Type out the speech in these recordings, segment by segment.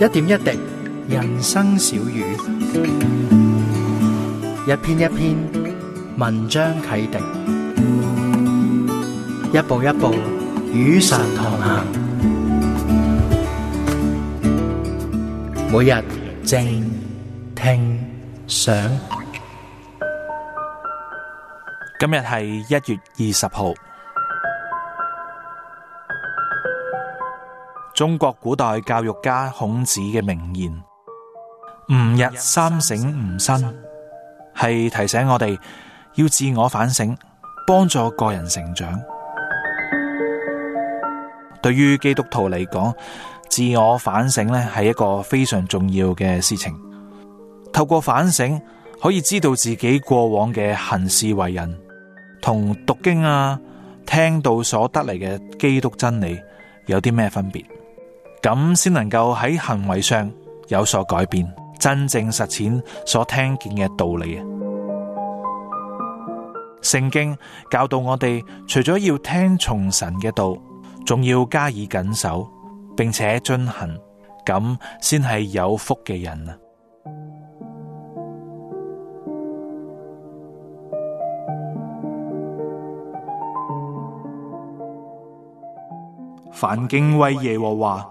一點一滴，人生小語；一篇一篇，文章啟迪；一步一步，雨傘同行。每日靜聽想，今日係一月二十號。中國古代教育家孔子嘅名言：吾日三省吾身，係提醒我哋要自我反省，幫助個人成長。對於基督徒嚟講，自我反省咧係一個非常重要嘅事情。透過反省，可以知道自己過往嘅行事為人，同讀經啊、聽到所得嚟嘅基督真理有啲咩分別？咁先能夠喺行為上有所改變，真正實踐所聽見嘅道理啊！聖經教導我哋，除咗要聽從神嘅道，仲要加以謹守，並且遵行，咁先係有福嘅人啊！凡敬畏耶和華。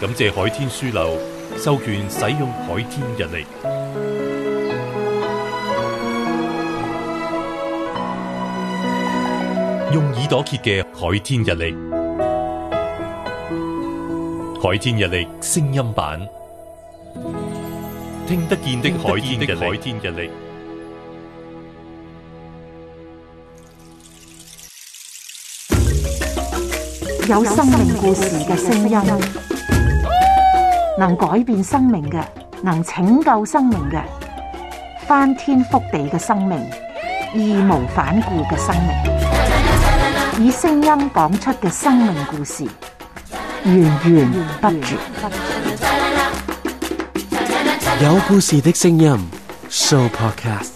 感謝海天書樓授權使用海天日曆，用耳朵揭嘅海天日曆，海天日曆聲音版，聽得見的海天日曆。有生命故事嘅聲音，能改變生命嘅，能拯救生命嘅，翻天覆地嘅生命，義無反顧嘅生命，以聲音講出嘅生命故事，源源不絕。有故事嘅聲音，Sooopodcast。